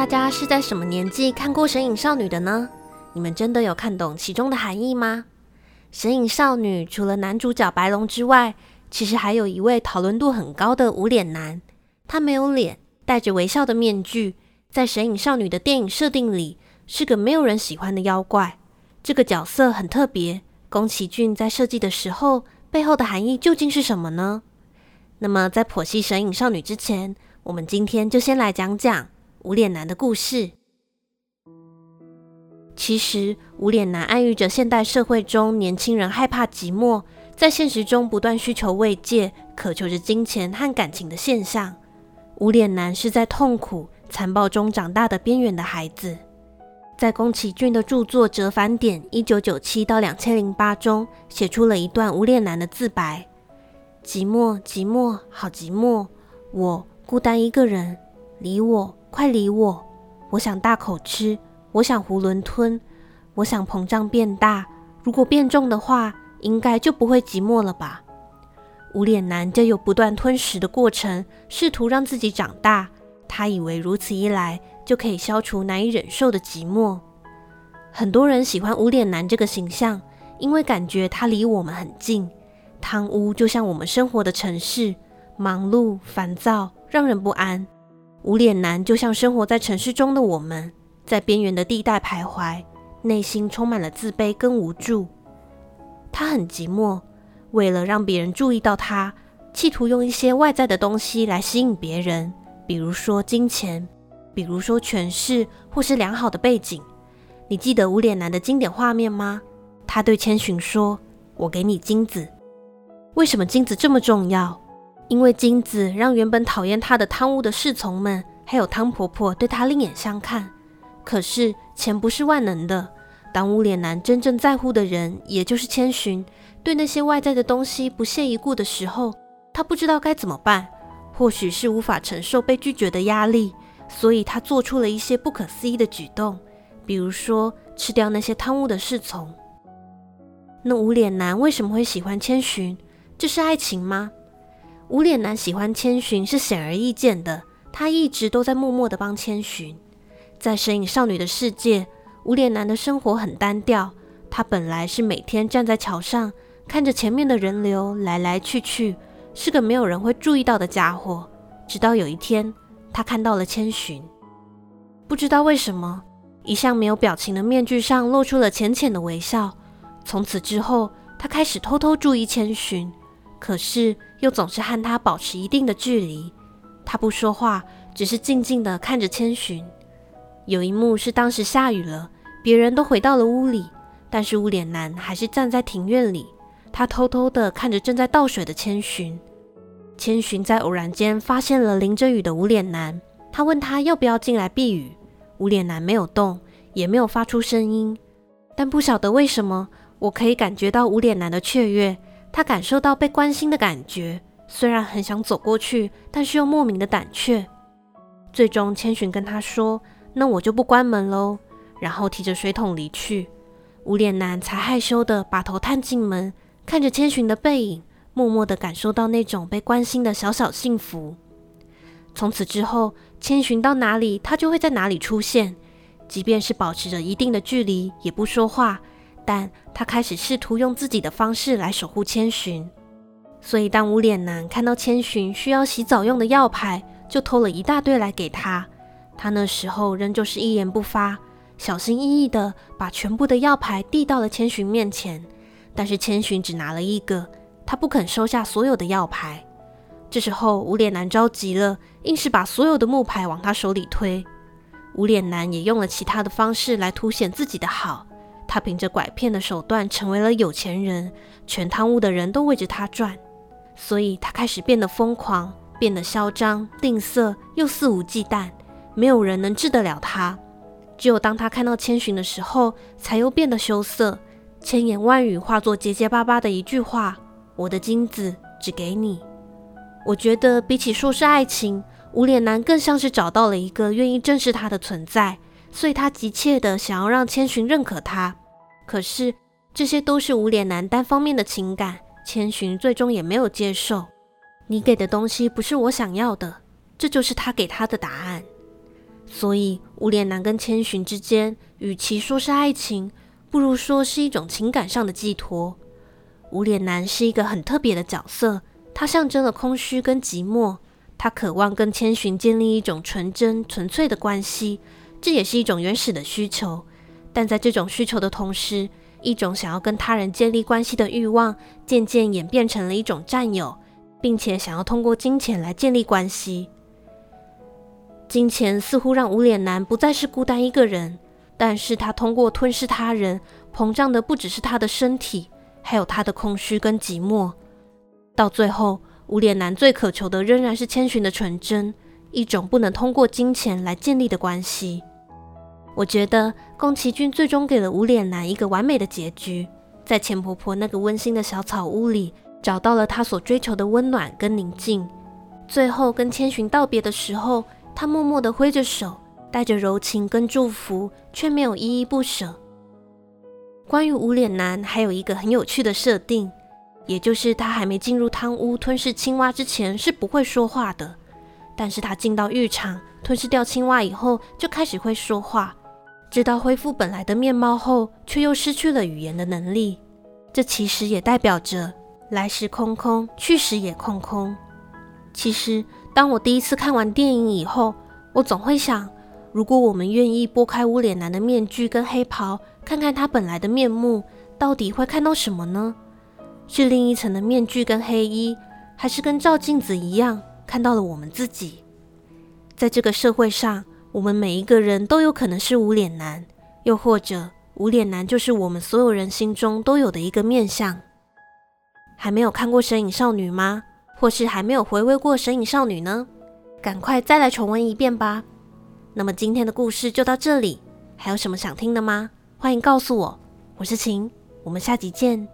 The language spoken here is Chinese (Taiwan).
大家是在什麼年紀看過《神隱少女》的呢？你們真的有看懂其中的含義嗎？《神隱少女》除了男主角白龍之外，其實還有一位討論度很高的無臉男。他沒有臉，戴着微笑的面具，在《神隱少女》的電影設定裡是個沒有人喜歡的妖怪。這個角色很特別，宮崎駿在設計的時候背後的含義究竟是什麼呢？那麼，在剖析《神隱少女》之前，我們今天就先來講講。無臉男的故事，其實無臉男暗喻着現代社會中年輕人害怕寂寞，在現實中不斷需求慰藉，渴求着金錢和感情的現象。無臉男是在痛苦、殘暴中長大的邊緣的孩子。在宮崎駿的著作《折返點》（一九九七到兩千零八）中，寫出了一段無臉男的自白：“寂寞，寂寞，好寂寞，我孤單一個人，理我。”快理我！我想大口吃，我想囫圇吞，我想膨脹變大。如果變重的話，應該就不會寂寞了吧？無臉男就有不斷吞食的過程，試圖讓自己長大。他以為如此一來就可以消除難以忍受的寂寞。很多人喜歡無臉男這個形象，因為感覺他離我們很近。湯屋就像我們生活的城市，忙碌、煩躁，讓人不安。無臉男就像生活在城市中的我們，在邊緣的地帶徘徊，內心充滿了自卑跟無助。他很寂寞，為了讓別人注意到他，企圖用一些外在的東西來吸引別人，比如說金錢，比如說權勢，或是良好的背景。你記得無臉男的經典畫面嗎？他對千尋說：“我給你金子。”為什麼金子這麼重要？因為金子讓原本討厭他的貪污的侍從們，還有湯婆婆對他另眼相看。可是錢不是萬能的。當無臉男真正在乎的人，也就是千尋，對那些外在的東西不屑一顧的時候，他不知道該怎麼辦。或許是無法承受被拒絕的壓力，所以他做出了一些不可思議的舉動，比如說吃掉那些貪污的侍從。那無臉男為什麼會喜歡千尋？這是愛情嗎？無臉男喜歡千尋是顯而易見的，他一直都在默默地幫千尋。在神隱少女的世界，無臉男的生活很單調。他本來是每天站在橋上，看着前面的人流來來去去，是個沒有人會注意到的家伙。直到有一天，他看到了千尋。不知道為什麼，一向沒有表情的面具上露出了淺淺的微笑。從此之後，他開始偷偷注意千尋。可是又總是和他保持一定的距離，他不說話，只是靜靜地看着千尋。有一幕是當時下雨了，別人都回到了屋裡，但是無臉男還是站在庭院裡，他偷偷地看着正在倒水的千尋。千尋在偶然間發現了淋着雨的無臉男，他問他要不要進來避雨。無臉男沒有動，也沒有發出聲音，但不曉得為什麼，我可以感覺到無臉男的雀躍。他感受到被關心的感覺，雖然很想走過去，但是又莫名的膽怯。最終，千尋跟他說：“那我就不關門嘍。”然後提着水桶離去。無臉男才害羞地把頭探進門，看着千尋的背影，默默地感受到那種被關心的小小幸福。從此之後，千尋到哪裡，他就會在哪裡出現，即便是保持着一定的距離，也不說話。但他開始試圖用自己的方式來守護千尋，所以當無臉男看到千尋需要洗澡用的藥牌，就偷了一大堆來給他。他那時候仍舊是一言不發，小心翼翼的把全部的藥牌遞到了千尋面前。但是千尋只拿了一個，他不肯收下所有的藥牌。這時候無臉男着急了，硬是把所有的木牌往他手裡推。無臉男也用了其他的方式來凸顯自己的好。他憑着拐騙的手段成為了有錢人，全湯屋的人都圍着他轉，所以他開始變得瘋狂，變得囂張、吝嗇又肆無忌憚，沒有人能治得了他。只有當他看到千尋的時候，才又變得羞澀，千言萬語化作結結巴巴的一句話：“我的金子只給你。”我覺得比起說是愛情，無臉男更像是找到了一個願意正視他的存在，所以他急切地想要讓千尋認可他。可是這些都是無臉男單方面的情感，千尋最終也沒有接受。你給的東西不是我想要的，這就是他給他的答案。所以無臉男跟千尋之間，與其說是愛情，不如說是一種情感上的寄托。無臉男是一個很特別的角色，他象徵了空虛跟寂寞，他渴望跟千尋建立一種純真純粹的關係，這也是一種原始的需求。但在這種需求的同時，一種想要跟他人建立關係的慾望，漸漸演變成了一種占有，並且想要通過金錢來建立關係。金錢似乎讓無臉男不再是孤單一個人，但是他通過吞噬他人，膨脹的不只是他的身體，還有他的空虛跟寂寞。到最後，無臉男最渴求的仍然是千尋的純真，一種不能通過金錢來建立的關係。我覺得宮崎駿最終給了無臉男一個完美的結局，在錢婆婆那個溫馨的小草屋裡找到了他所追求的溫暖跟寧靜。最後跟千尋道別的時候，他默默地揮着手，帶着柔情跟祝福，卻沒有依依不舍。關於無臉男還有一個很有趣的設定，也就是他還沒進入湯屋吞噬青蛙之前是不會說話的，但是他進到浴場吞噬掉青蛙以後就開始會說話。直到恢復本來的面貌後，卻又失去了語言的能力。這其實也代表着來時空空，去時也空空。其實，當我第一次看完電影以後，我總會想：如果我們願意撥開無臉男的面具跟黑袍，看看他本來的面目，到底會看到什麼呢？是另一層的面具跟黑衣，還是跟照鏡子一樣看到了我們自己？在這個社會上，我們每一個人都有可能是無臉男，又或者無臉男就是我們所有人心中都有的一個面向。還沒有看過《神隱少女》嗎？或是還沒有回味過《神隱少女》呢？趕快再來重溫一遍吧。那麼今天的故事就到這裡，還有什麼想聽的嗎？歡迎告訴我。我是晴，我們下集見。